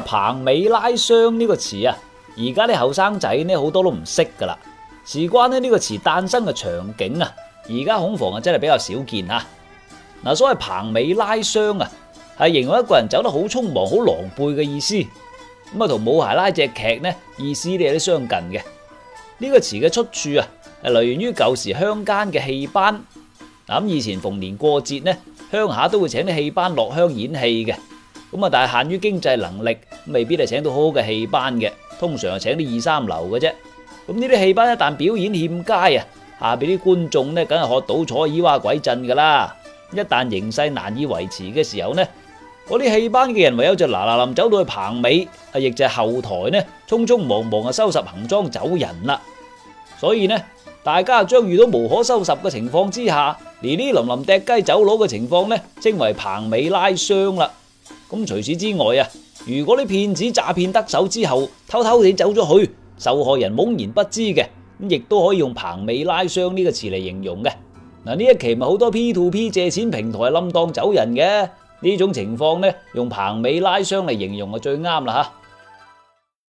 棚尾拉箱呢個詞啊，而家啲後生仔呢好多都唔識噶啦。事關呢呢個詞誕生嘅場景啊，而家恐防啊真係比較少見啊。嗱，所謂棚尾拉箱啊，係形容一個人走得好匆忙、好狼狽嘅意思。咁啊，同冇鞋拉隻屐呢意思都有啲相近嘅。呢、呢個詞嘅出處啊，係來源於舊時鄉間嘅戲班。咁以前逢年過節呢，鄉下都會請啲戲班落鄉演戲嘅。咁啊，但係限於經濟能力，未必係請到好好嘅戲班嘅。通常係請啲二三流嘅啫。咁呢啲戲班一旦表演欠佳啊，下邊啲觀眾呢梗係學到坐耳挖鬼震噶啦。一旦形勢難以維持嘅時候呢，嗰啲戲班嘅人唯有就嗱嗱臨走到去棚尾啊，亦就係後台呢，匆匆忙忙啊收拾行裝走人啦。所以呢，大家將遇到無可收拾嘅情況之下，連呢林林趯雞走佬嘅情況呢，稱為棚尾拉箱啦。咁除此之外啊，如果啲騙子詐騙得手之後，偷偷哋走咗去，受害人懵然不知嘅，咁亦都可以用“彭尾拉箱”呢個詞嚟形容嘅。嗱，呢一期咪好多 P to P 借錢平台冧檔走人嘅呢種情況呢，用“彭尾拉箱”嚟形容就最啱啦吓。